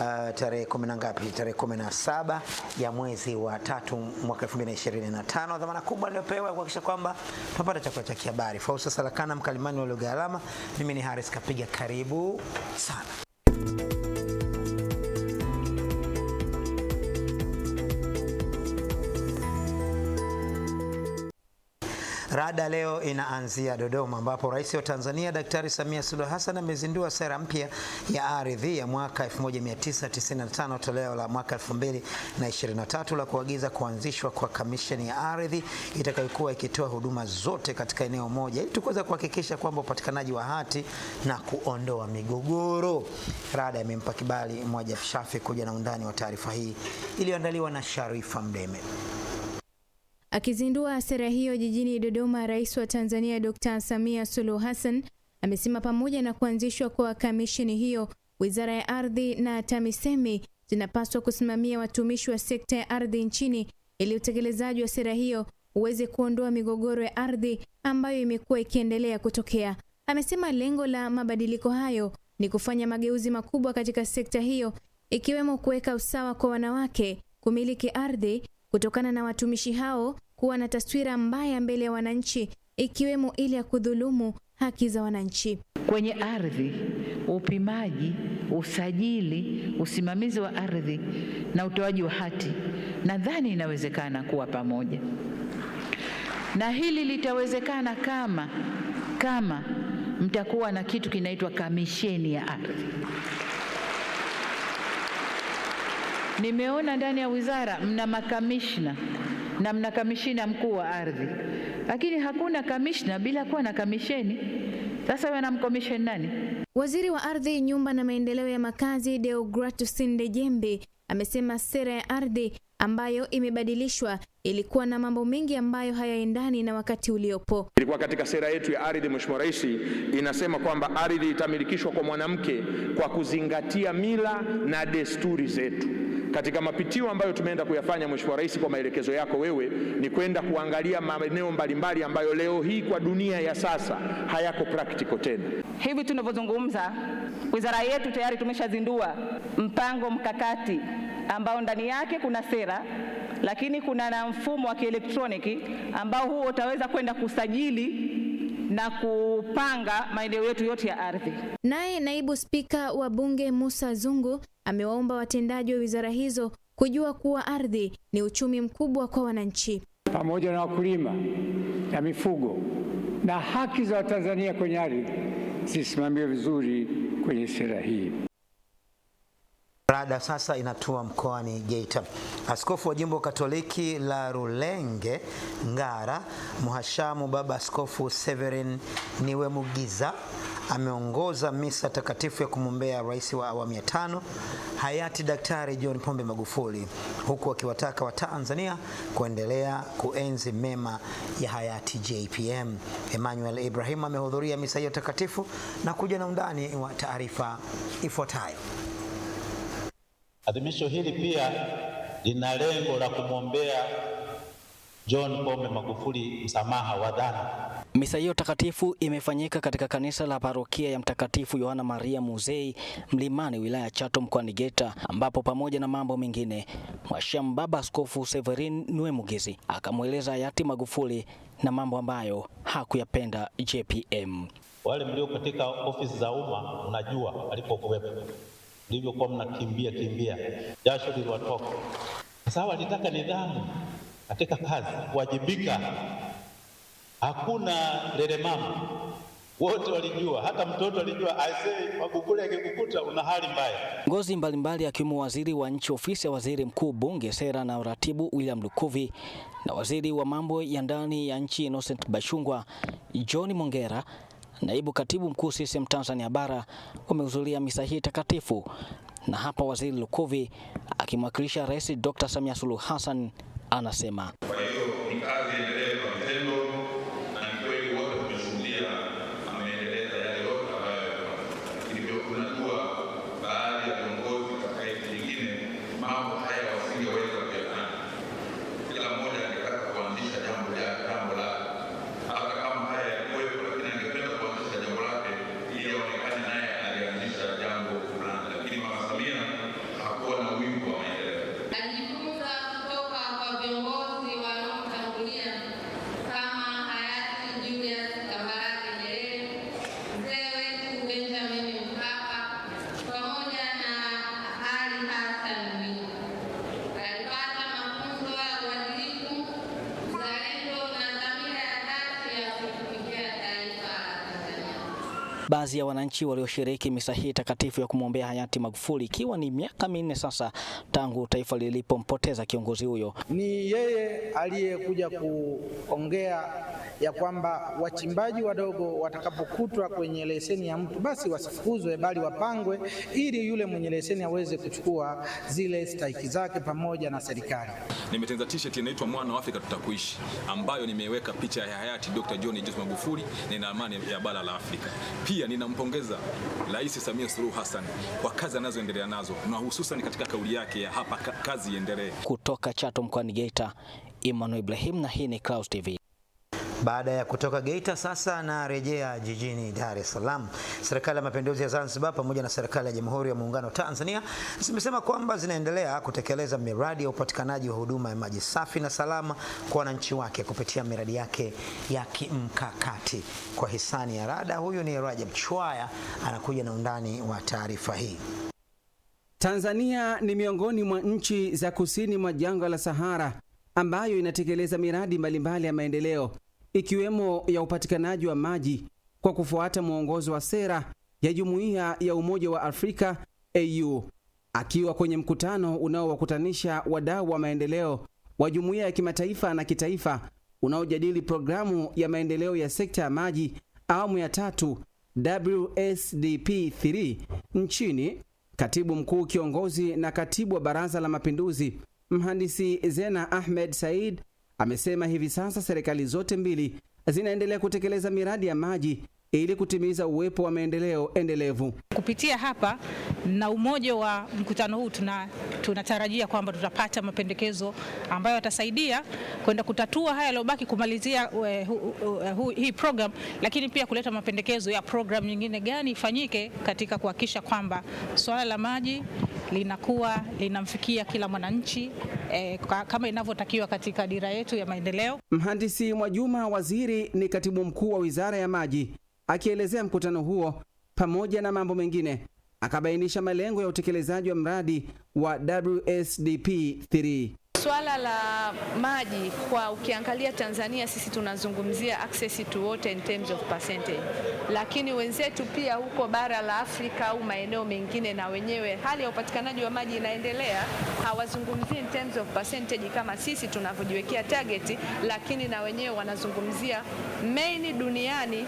uh, tarehe kumi na ngapi? Tarehe kumi na saba ya mwezi wa tatu mwaka tano. Dhamana kubwa ya kuhakikisha kwamba tunapata chakula cha kihabari. Fausa Salakana, mkalimani wa lugha ya alama. Mimi ni Haris Kapiga, karibu sana. Mada leo inaanzia Dodoma ambapo Rais wa Tanzania Daktari Samia Suluhu Hassan amezindua sera mpya ya ardhi ya mwaka 1995 toleo la mwaka 2023 la kuagiza kuanzishwa kwa kamisheni ya ardhi itakayokuwa ikitoa huduma zote katika eneo moja ili tukuweza kuhakikisha kwamba upatikanaji wa hati na kuondoa migogoro. RADA imempa kibali Mwajab Shafi kuja na undani wa taarifa hii iliyoandaliwa na Sharifa Mdeme. Akizindua sera hiyo jijini Dodoma, Rais wa Tanzania Dr. Samia Suluhu Hassan amesema pamoja na kuanzishwa kwa kamisheni hiyo, Wizara ya Ardhi na TAMISEMI zinapaswa kusimamia watumishi wa sekta ya ardhi nchini ili utekelezaji wa sera hiyo uweze kuondoa migogoro ya ardhi ambayo imekuwa ikiendelea kutokea. Amesema lengo la mabadiliko hayo ni kufanya mageuzi makubwa katika sekta hiyo ikiwemo kuweka usawa kwa wanawake kumiliki ardhi kutokana na watumishi hao kuwa na taswira mbaya mbele ya wananchi, ikiwemo ile ya kudhulumu haki za wananchi kwenye ardhi. Upimaji, usajili, usimamizi wa ardhi na utoaji wa hati, nadhani inawezekana kuwa pamoja, na hili litawezekana kama kama mtakuwa na kitu kinaitwa kamisheni ya ardhi. Nimeona ndani ya wizara mna makamishna na mna kamishina mkuu wa ardhi, lakini hakuna kamishna bila kuwa na kamisheni. Sasa wewe anamkomisheni nani? Waziri wa Ardhi, Nyumba na Maendeleo ya Makazi Deogratus Ndejembe amesema sera ya ardhi ambayo imebadilishwa ilikuwa na mambo mengi ambayo hayaendani na wakati uliopo. Ilikuwa katika sera yetu ya ardhi, Mheshimiwa Rais, inasema kwamba ardhi itamilikishwa kwa mwanamke kwa kuzingatia mila na desturi zetu. Katika mapitio ambayo tumeenda kuyafanya, Mheshimiwa Rais, kwa maelekezo yako wewe, ni kwenda kuangalia maeneo mbalimbali ambayo leo hii kwa dunia ya sasa hayako practical tena. Hivi tunavyozungumza Wizara yetu tayari tumeshazindua mpango mkakati ambao ndani yake kuna sera, lakini kuna na mfumo wa kielektroniki ambao huo utaweza kwenda kusajili na kupanga maeneo yetu yote ya ardhi. Naye naibu spika wa bunge Musa Zungu amewaomba watendaji wa wizara hizo kujua kuwa ardhi ni uchumi mkubwa kwa wananchi pamoja na wakulima na mifugo na haki za Watanzania kwenye ardhi zisimamiwe vizuri kwenye sera hii. Rada sasa inatua mkoani Geita. Askofu wa jimbo Katoliki la Rulenge Ngara, Mhashamu Baba Askofu Severin Niwemugiza ameongoza misa takatifu ya kumwombea rais wa awamu ya tano hayati Daktari John Pombe Magufuli, huku akiwataka Watanzania kuendelea kuenzi mema ya hayati JPM. Emmanuel Ibrahim amehudhuria misa hiyo takatifu na kuja na undani wa taarifa ifuatayo. Adhimisho hili pia lina lengo la kumwombea John Pombe Magufuli msamaha wa dhambi Misa hiyo takatifu imefanyika katika kanisa la parokia ya Mtakatifu Yohana Maria Muzei Mlimani, wilaya ya Chato, mkoani Geita, ambapo pamoja na mambo mengine Mhashamu Baba Askofu Severin Nwemugizi akamweleza hayati Magufuli na mambo ambayo hakuyapenda JPM. Wale mlio katika ofisi za umma mnajua alipokuwepo mlivyokuwa mnakimbia kimbia, jasho liliwatoka. Sasa walitaka nidhamu katika kazi, kuwajibika hakuna lelemama, wote walijua, hata mtoto alijua aisee, Magufuli akikukuta una hali mbaya. ngozi mbalimbali akiwemo waziri wa nchi ofisi ya waziri mkuu, bunge, sera na uratibu William Lukuvi na waziri wa mambo ya ndani ya nchi Innocent Bashungwa, John Mongera naibu katibu mkuu CCM Tanzania bara wamehudhuria misa hii takatifu, na hapa waziri Lukuvi akimwakilisha Rais Dr. Samia Suluhu Hassan anasema Baadhi ya wananchi walioshiriki misa hii takatifu ya kumwombea hayati Magufuli, ikiwa ni miaka minne sasa tangu taifa lilipompoteza kiongozi huyo, ni yeye aliyekuja kuongea ya kwamba wachimbaji wadogo watakapokutwa kwenye leseni ya mtu basi wasifukuzwe, bali wapangwe, ili yule mwenye leseni aweze kuchukua zile stahiki zake pamoja na serikali. Nimetengeneza t-shirt inaitwa mwana wa Afrika tutakuishi, ambayo nimeweka picha ya hayati Dr. John Joseph Magufuli na ina amani ya bara la Afrika. Pia ninampongeza Rais Samia Suluhu Hassan kwa kazi anazoendelea nazo na hususan katika kauli yake ya hapa kazi iendelee. Kutoka Chato mkoani Geita, Emmanuel Ibrahim, na hii ni Clouds TV. Baada ya kutoka Geita sasa anarejea jijini Dar es Salaam. Serikali ya Mapinduzi ya Zanzibar pamoja na serikali ya Jamhuri ya Muungano wa Tanzania zimesema kwamba zinaendelea kutekeleza miradi ya upatikanaji wa huduma ya maji safi na salama kwa wananchi wake kupitia miradi yake ya kimkakati kwa hisani ya rada. Huyu ni Rajab Chwaya anakuja na undani wa taarifa hii. Tanzania ni miongoni mwa nchi za kusini mwa jangwa la Sahara ambayo inatekeleza miradi mbalimbali ya maendeleo ikiwemo ya upatikanaji wa maji kwa kufuata mwongozo wa sera ya Jumuiya ya Umoja wa Afrika AU. Akiwa kwenye mkutano unaowakutanisha wadau wa maendeleo wa jumuiya ya kimataifa na kitaifa unaojadili programu ya maendeleo ya sekta ya maji awamu ya tatu WSDP 3 nchini, katibu mkuu kiongozi na katibu wa Baraza la Mapinduzi Mhandisi Zena Ahmed Said Amesema hivi sasa serikali zote mbili zinaendelea kutekeleza miradi ya maji ili kutimiza uwepo wa maendeleo endelevu. Kupitia hapa na umoja wa mkutano huu, tuna tunatarajia kwamba tutapata mapendekezo ambayo yatasaidia kwenda kutatua haya yaliyobaki, kumalizia uh, uh, uh, hii program, lakini pia kuleta mapendekezo ya program nyingine gani ifanyike katika kuhakikisha kwamba swala la maji linakuwa linamfikia kila mwananchi eh, kama inavyotakiwa katika dira yetu ya maendeleo. Mhandisi Mwajuma Waziri ni katibu mkuu wa Wizara ya Maji Akielezea mkutano huo pamoja na mambo mengine, akabainisha malengo ya utekelezaji wa mradi wa WSDP 3. Swala la maji kwa ukiangalia Tanzania sisi tunazungumzia access to water in terms of percentage, lakini wenzetu pia huko bara la Afrika au maeneo mengine, na wenyewe hali ya upatikanaji wa maji inaendelea, hawazungumzii in terms of percentage kama sisi tunavyojiwekea target, lakini na wenyewe wanazungumzia main duniani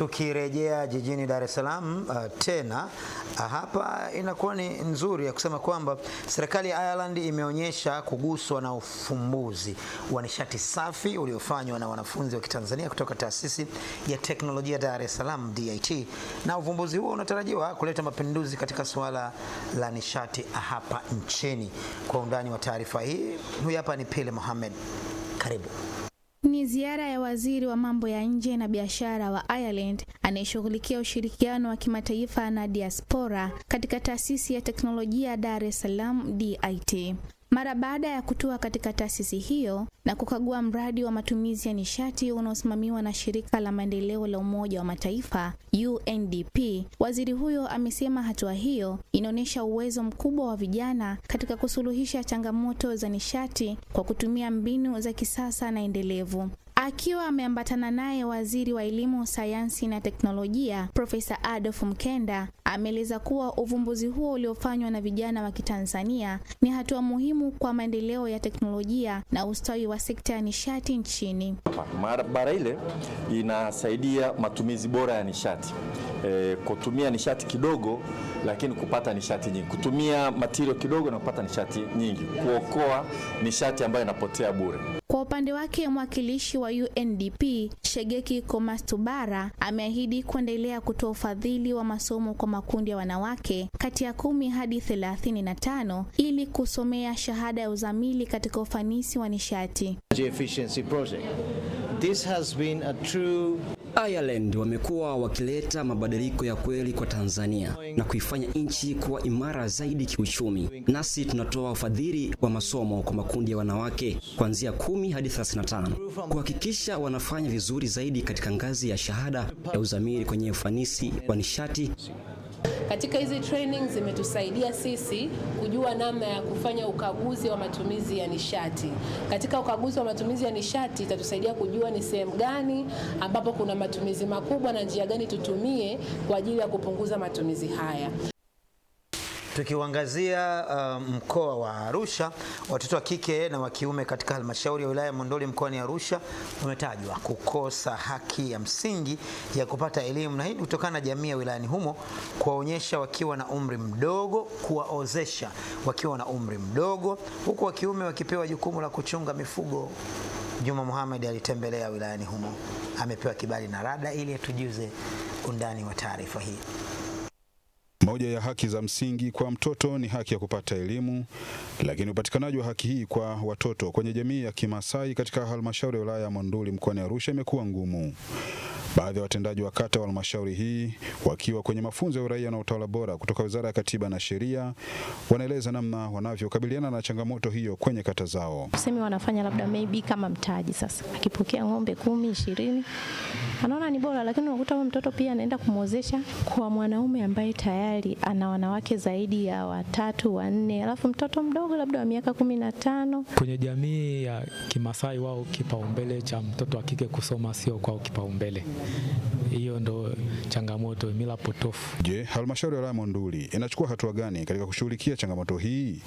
Tukirejea jijini Dar es Salaam uh, tena uh, hapa inakuwa ni nzuri ya kusema kwamba serikali ya Ireland imeonyesha kuguswa na ufumbuzi wa nishati safi uliofanywa na wanafunzi wa Kitanzania kutoka Taasisi ya Teknolojia Dar es Salaam DIT, na uvumbuzi huo unatarajiwa kuleta mapinduzi katika suala la nishati hapa nchini. Kwa undani wa taarifa hii, huyu hapa ni Pile Mohamed, karibu. Ni ziara ya waziri wa mambo ya nje na biashara wa Ireland anayeshughulikia ushirikiano wa kimataifa na diaspora katika taasisi ya teknolojia Dar es Salaam DIT. Mara baada ya kutua katika taasisi hiyo na kukagua mradi wa matumizi ya nishati unaosimamiwa na shirika la maendeleo la Umoja wa Mataifa UNDP, waziri huyo amesema hatua hiyo inaonyesha uwezo mkubwa wa vijana katika kusuluhisha changamoto za nishati kwa kutumia mbinu za kisasa na endelevu. Akiwa ameambatana naye waziri wa elimu, sayansi na teknolojia Profesa Adolf Mkenda ameeleza kuwa uvumbuzi huo uliofanywa na vijana wa Kitanzania ni hatua muhimu kwa maendeleo ya teknolojia na ustawi wa sekta ya nishati nchini. Maabara ile inasaidia matumizi bora ya nishati e, kutumia nishati kidogo lakini kupata nishati nyingi, kutumia matirio kidogo na kupata nishati nyingi, kuokoa nishati ambayo inapotea bure. Kwa upande wake mwakilishi wa UNDP Shegeki komastubara ameahidi kuendelea kutoa ufadhili wa masomo kwa makundi ya wanawake kati ya kumi hadi thelathini na tano ili kusomea shahada ya uzamili katika ufanisi wa nishati. Efficiency project. This has been a true Ireland wamekuwa wakileta mabadiliko ya kweli kwa Tanzania na kuifanya nchi kuwa imara zaidi kiuchumi. Nasi tunatoa ufadhili wa masomo kwa makundi ya wanawake kuanzia kumi hadi 35 kuhakikisha wanafanya vizuri zaidi katika ngazi ya shahada ya uzamili kwenye ufanisi wa nishati katika hizi training zimetusaidia sisi kujua namna ya kufanya ukaguzi wa matumizi ya nishati. Katika ukaguzi wa matumizi ya nishati itatusaidia kujua ni sehemu gani ambapo kuna matumizi makubwa na njia gani tutumie kwa ajili ya kupunguza matumizi haya. Tukiuangazia uh, mkoa wa Arusha, watoto wa kike na wa kiume katika halmashauri ya wilaya ya Monduli mkoani Arusha wametajwa kukosa haki ya msingi ya kupata elimu, na hii kutokana na jamii ya wilayani humo kuwaonyesha wakiwa na umri mdogo, kuwaozesha wakiwa na umri mdogo, huku wa kiume wakipewa jukumu la kuchunga mifugo. Juma Muhammad alitembelea wilayani humo, amepewa kibali na RADA ili atujuze undani wa taarifa hii. Moja ya haki za msingi kwa mtoto ni haki ya kupata elimu, lakini upatikanaji wa haki hii kwa watoto kwenye jamii ya Kimasai katika halmashauri ya wilaya ya Monduli mkoani Arusha imekuwa ngumu. Baadhi ya watendaji wa kata wa halmashauri hii wakiwa kwenye mafunzo ya uraia na utawala bora kutoka Wizara ya Katiba na Sheria wanaeleza namna wanavyokabiliana na changamoto hiyo kwenye kata zao. Tuseme wanafanya labda maybe kama mtaji sasa, akipokea ng'ombe kumi ishirini anaona ni bora, lakini unakuta huyo mtoto pia anaenda kumwozesha kwa mwanaume ambaye tayari ana wanawake zaidi ya watatu wanne, alafu mtoto mdogo labda wa miaka kumi na tano. Kwenye jamii ya Kimasai wao kipaumbele cha mtoto wa kike kusoma sio kwao kipaumbele. hiyo ndo changamoto, mila potofu. Je, halmashauri ya wilaya Monduli inachukua hatua gani katika kushughulikia changamoto hii?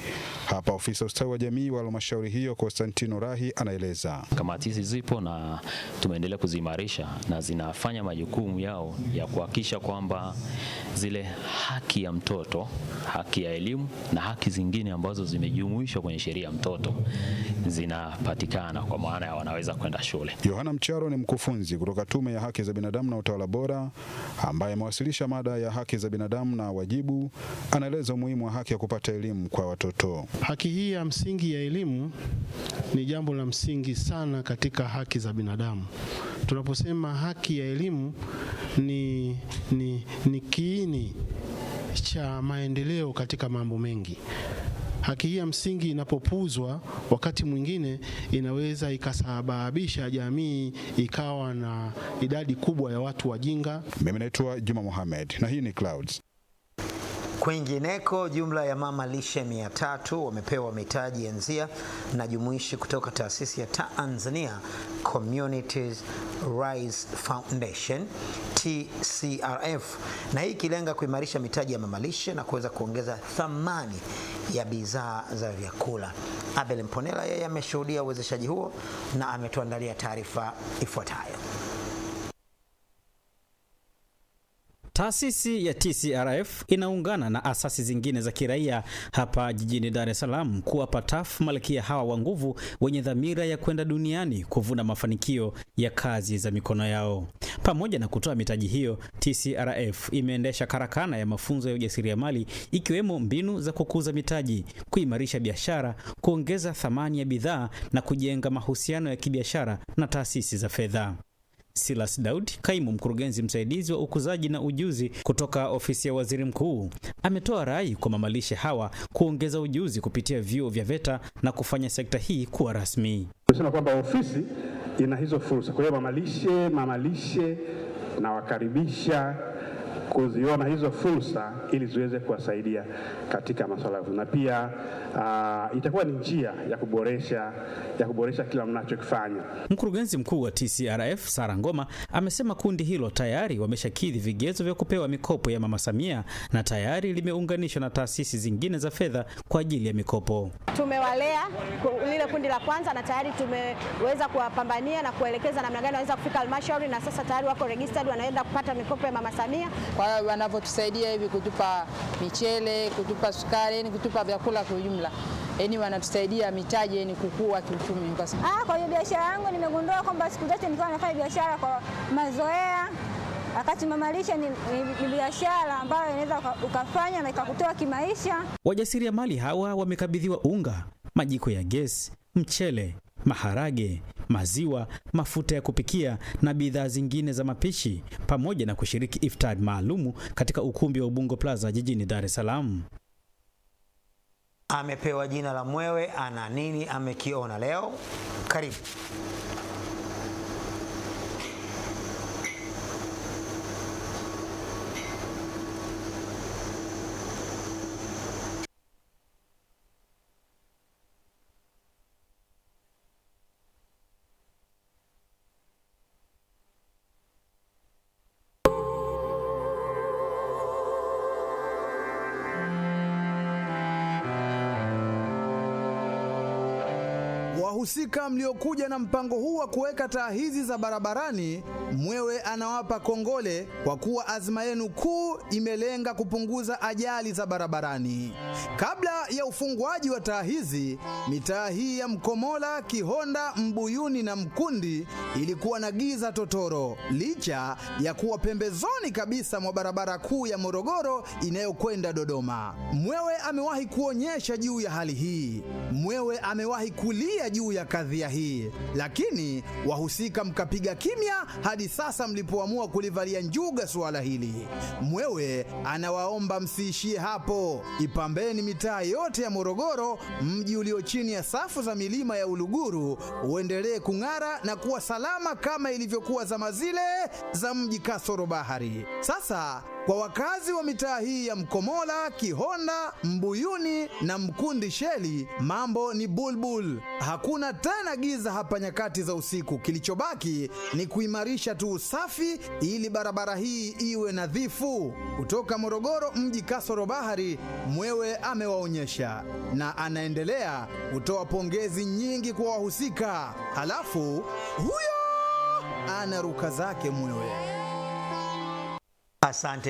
Hapa ofisa ustawi wa jamii wa halmashauri hiyo Konstantino Rahi anaeleza. Kamati hizi zipo na tumeendelea kuziimarisha na zinafanya majukumu yao ya kuhakikisha kwamba zile haki ya mtoto, haki ya elimu na haki zingine ambazo zimejumuishwa kwenye sheria ya mtoto zinapatikana, kwa maana ya wanaweza kwenda shule. Yohana Mcharo ni mkufunzi kutoka Tume ya Haki za Binadamu na Utawala Bora ambaye amewasilisha mada ya haki za binadamu na wajibu, anaeleza umuhimu wa haki ya kupata elimu kwa watoto. Haki hii ya msingi ya elimu ni jambo la msingi sana katika haki za binadamu. Tunaposema haki ya elimu ni, ni, ni kiini cha maendeleo katika mambo mengi. Haki hii ya msingi inapopuuzwa, wakati mwingine inaweza ikasababisha jamii ikawa na idadi kubwa ya watu wajinga. Mimi naitwa Juma Mohamed na hii ni Clouds. Kwingineko, jumla ya mama lishe mia tatu wamepewa mitaji enzia na jumuishi kutoka taasisi ya Tanzania Communities Rise Foundation TCRF, na hii ikilenga kuimarisha mitaji ya mama lishe na kuweza kuongeza thamani ya bidhaa za vyakula. Abel Mponela yeye ameshuhudia uwezeshaji huo na ametuandalia taarifa ifuatayo. Taasisi ya TCRF inaungana na asasi zingine za kiraia hapa jijini Dar es Salaam kuwapa TAF malkia hawa wa nguvu wenye dhamira ya kwenda duniani kuvuna mafanikio ya kazi za mikono yao. Pamoja na kutoa mitaji hiyo, TCRF imeendesha karakana ya mafunzo ya ujasiriamali ikiwemo mbinu za kukuza mitaji, kuimarisha biashara, kuongeza thamani ya bidhaa na kujenga mahusiano ya kibiashara na taasisi za fedha. Silas Daud, kaimu mkurugenzi msaidizi wa ukuzaji na ujuzi kutoka ofisi ya waziri mkuu, ametoa rai kwa mamalishe hawa kuongeza ujuzi kupitia vyuo vya VETA na kufanya sekta hii kuwa rasmi. Tunasema kwamba ofisi ina hizo fursa, kwa hiyo mamalishe mamalishe, nawakaribisha kuziona hizo fursa ili ziweze kuwasaidia katika masuala yao, na pia uh, itakuwa ni njia ya kuboresha, ya kuboresha kila mnachokifanya. Mkurugenzi mkuu wa TCRF Sara Ngoma amesema kundi hilo tayari wameshakidhi vigezo vya kupewa mikopo ya Mama Samia na tayari limeunganishwa na taasisi zingine za fedha kwa ajili ya mikopo. Tumewalea lile kundi la kwanza na tayari tumeweza kuwapambania na kuelekeza namna gani waweza kufika halmashauri na sasa tayari wako registered wanaenda kupata mikopo ya Mama Samia kwa hiyo wanavyotusaidia hivi kutupa michele, kutupa sukari, yani kutupa vyakula kwa ujumla, yani wanatusaidia mitaji, yani kukua kiuchumi. Ah, kwa hiyo biashara yangu nimegundua kwamba siku zote nilikuwa nafanya biashara kwa mazoea wakati mamalisha ni, ni, ni biashara ambayo inaweza ukafanya na ikakutoa kimaisha. Wajasiriamali hawa wamekabidhiwa unga, majiko ya gesi, mchele, maharage, maziwa, mafuta ya kupikia na bidhaa zingine za mapishi, pamoja na kushiriki iftar maalumu katika ukumbi wa Ubungo Plaza jijini Dar es Salaam. Amepewa jina la Mwewe, ana nini amekiona leo? Karibu. wahusika mliokuja na mpango huu wa kuweka taa hizi za barabarani, mwewe anawapa kongole kwa kuwa azma yenu kuu imelenga kupunguza ajali za barabarani. Kabla ya ufunguaji wa taa hizi, mitaa hii ya Mkomola, Kihonda, Mbuyuni na Mkundi ilikuwa na giza totoro, licha ya kuwa pembezoni kabisa mwa barabara kuu ya Morogoro inayokwenda Dodoma. Mwewe amewahi kuonyesha juu ya hali hii. Mwewe amewahi kulia juu juu ya kadhia hii, lakini wahusika mkapiga kimya hadi sasa mlipoamua kulivalia njuga suala hili. Mwewe anawaomba msiishie hapo, ipambeni mitaa yote ya Morogoro, mji ulio chini ya safu za milima ya Uluguru uendelee kung'ara na kuwa salama kama ilivyokuwa zama zile za mji kasoro bahari. Sasa kwa wakazi wa mitaa hii ya Mkomola, Kihonda, Mbuyuni na Mkundi Sheli, mambo ni bulbul. Hakuna tena giza hapa nyakati za usiku. Kilichobaki ni kuimarisha tu usafi ili barabara hii iwe nadhifu. Kutoka Morogoro mji kasoro bahari, mwewe amewaonyesha na anaendelea kutoa pongezi nyingi kwa wahusika. Halafu huyo anaruka zake mwewe. Asante.